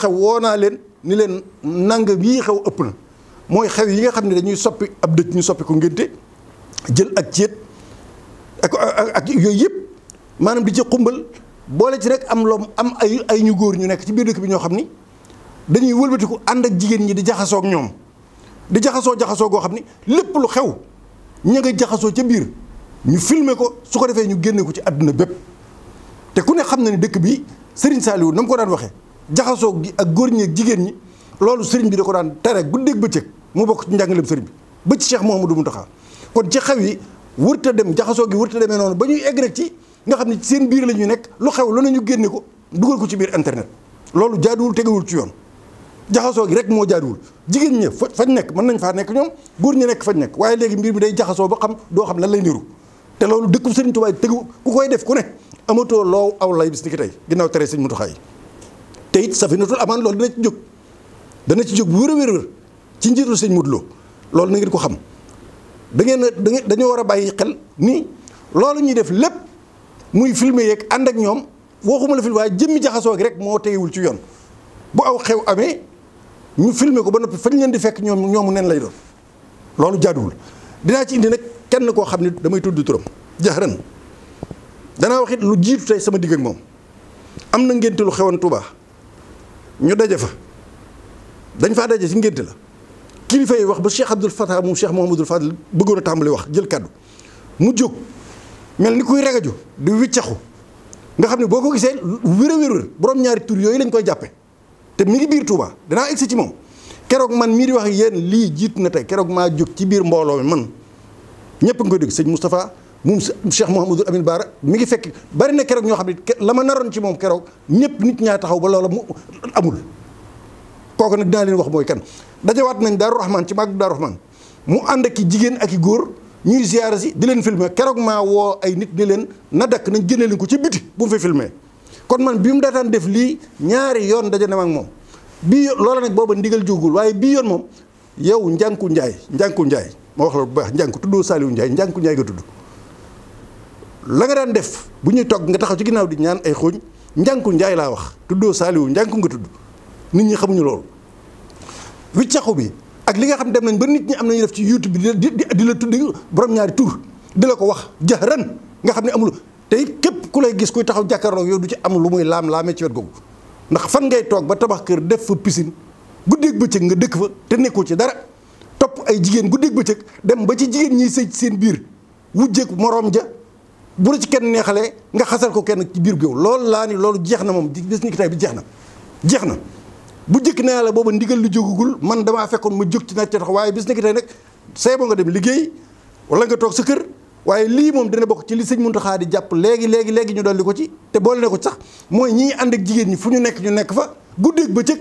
xew woo naa leen ni leen nangam yii xew ëpp na mooy xew yi nga xam ne dañuy soppi ab dëj ñu soppi ko ngénte jël ak ceet ak yooyu yëpp maanaam di ci xumbal boole ci rek am lom am ay ay ñu góor ñu nekk ci biir dëkk bi ñoo xam ni dañuy wëlbatiku ànd ak jigéen ñi di jaxasoo ak ñoom di jaxasoo jaxasoo goo xam ni lépp lu xew ña jaxasoo ca biir ñu filmer ko su ko defee ñu génne ko ci àdduna bépp te ku ne xam na ni dëkk bi Serigne Saliou na mu ko daan waxee. jaxasoo gi ak góor ñi jigéen ñi loolu sëriñ bi da ko daan tere guddeeg bëccëg mu bokk ci njàngaleem sëriñ bi ba ci Cheikh Mouhamadou Mountakha kon ci xew yi wërta dem jaxasoo gi wërta demee noonu ba ñuy egg rek ci nga xam ne seen biir la ñuy nekk lu xew lu ne ñu génne ko dugal ko ci biir internet loolu jaaduwul tegewul ci yoon jaxasoo gi rek moo jaaduwul jigéen ñi fañ nekk mën nañ faa nekk ñoom góor ñi nekk fañ nekk waaye léegi mbir mi day jaxasoo ba xam doo xam lan lay niru te loolu dëkku Sëriñ Tuubaa ku koy def ku ne amatoo loo aw lay bis ni ki tey tere Sëriñ Muntaxaa yi te it safinatul amaan loolu dana ci jóg dana ci jóg wér a wér ci njiitu sëñ Modou Lo loolu na ngeen ko xam da ngeen da dañoo war a bàyyi xel nii loolu ñuy def lépp muy filmer yeeg ànd ak ñoom waxuma la film waaye jëmmi jaxasoo gi rek moo teewul ci yoon bu aw xew amee ñu filmer ko ba noppi fañ leen di fekk ñoom ñoomu neen lay doon loolu jaaduwul dinaa ci indi nag kenn koo xam ne damay tudd turam jaxaran danaa wax it lu jiitu tey sama digg ak moom am na ngénte lu xewoon Touba. ñu daje fa dañ faa daje ci ngénte la kilifa yi wax ba Cheikh Abdoul Fatah moom Cheikh Mouhamadul Fadil bëggoon tàmbali wax jël kaddu mu jóg mel ni kuy regaju di wiccaxu nga xam ne boo ko gisee wér a wér borom ñaari tur yooyu lañ koy jàppe te mi ngi biir Touba danaa egsi ci moom keroog man mii di wax ak yéen lii jiitu na tey keroog maa jóg ci biir mbooloo mi man ñëpp nga koy dégg sëñ Moustapha. moom Cheikh Mouhamadou Amine Baara mi ngi fekk bari na keroog ñoo xam ne la ma naroon ci moom keroog ñëpp nit ñaa taxaw ba loola mu amul. kooku nag dinaa leen wax mooy kan dajawaat nañ Daaru Rahman ci màgg Daaru Rahman mu ànd ak jigéen ak i góor ñuy ziar si di leen filme keroog maa woo ay nit di leen na dakk nañ génne leen ko ci biti bu mu fi filmer kon man bi mu daataan def lii ñaari yoon daje na ma moom bii loola nag booba ndigal jógul waaye bii yoon moom yow njànku njaay njànku njaay ma wax bu baax njànku tuddoo Saliou Ndiaye njànku njaay tudd la nga daan def bu ñuy togg nga taxaw ci ginnaaw di ñaan ay xooñ njànku njaay laa wax tuddoo saaliwu njànku nga tudd nit ñi xamuñu loolu wiccaxu bi ak li nga xam dem nañ ba nit ñi am nañu def ci youtube bi di di la tudd borom ñaari tur di la ko wax ren nga xam ne amul tey képp ku lay gis kuy taxaw jàkkaarloo yow du ci am lu muy laam-laamee ci wet googu ndax fan ngay toog ba tabax kër def fa piscine guddeeg bëccëg nga dëkk fa te nekkoo ci dara topp ay jigéen guddeeg bëccëg dem ba ci jigéen ñiy sëy seen biir wujjeeg moroom ja bu la ci kenn neexalee nga xasal ko kenn ci biir géew loolu laa ni loolu jeex na moom bis ni ki tey bi jeex na jeex na bu jëkk ne la booba ndigal li jógagul man damaa fekkoon ma jóg ci naaj ca tax waaye bis ni ki tey nag say bo nga dem liggéey wala nga toog sa kër waaye lii moom dina bokk ci li sëñ Muntaxa di jàpp léegi léegi ñu dolli ko ci te boole ko sax mooy ñi ànd ak jigéen ñi fu ñu nekk ñu nekk fa guddeeg bëccëg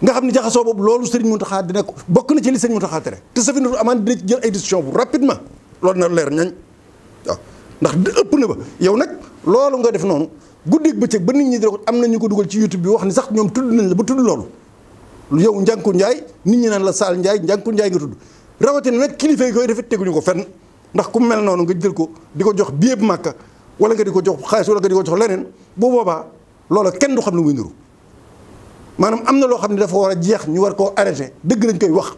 nga xam ne jaxasoo boobu loolu sëriñ Muntaxa dina ko bokk na ci li sëñ Muntaxa tere te Safinatoul Amane dina ci jël ay décision bu rapidement loolu na leer ñañ waaw ndax ëpp na ba yow nag loolu nga def noonu guddeeg bëccëg ba nit ñi di am na ñu ko dugal ci YouTube bi wax ni sax ñoom tudd nañ la ba tudd loolu yow njànku njaay nit ñi naan la saal Njaay njànku njaay nga tudd rawatina nag kilifa yi koy defit teguñu ko fen ndax ku mel noonu nga jël ko di ko jox bieb màkka wala nga di ko jox xaalis wala nga di ko jox leneen bu boobaa loola kenn du xam ne muy niru maanaam am na loo xam ne dafa war a jeex ñu war koo arrêté dëgg lañ koy wax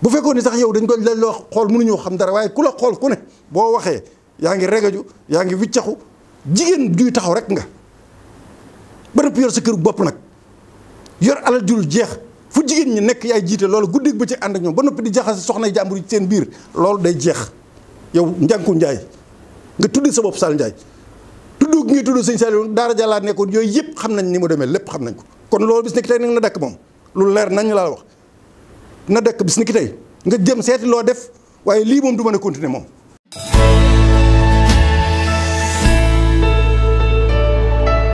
bu fekkoon ni sax yow dañ ko lañ loo xool mënuñoo xam dara waaye ku la xool ku ne boo waxee yaa ngi regaju yaa ngi wiccaxu jigéen juy taxaw rek nga ba nëpp yor sa këru bopp nag yor alal jul jeex fu jigéen ñi nekk yaay jiite loolu guddeeg bëccëg ànd ñoom ba noppi di jaxas soxna jàmbur yi seen biir loolu day jeex yow njànku njaay nga tuddee sa bopp Sall Ndiaye tudd gi ngay tudd sëñ Saliou daara jàllaa nekkoon yooyu yëpp xam nañ ni mu demee lépp xam nañ ko kon loolu bis ni ki tey nag dakk moom lu leer nañ laa wax na dakk bis ni ki tey nga jëm seeti loo def waaye lii moom du mën a continuer moom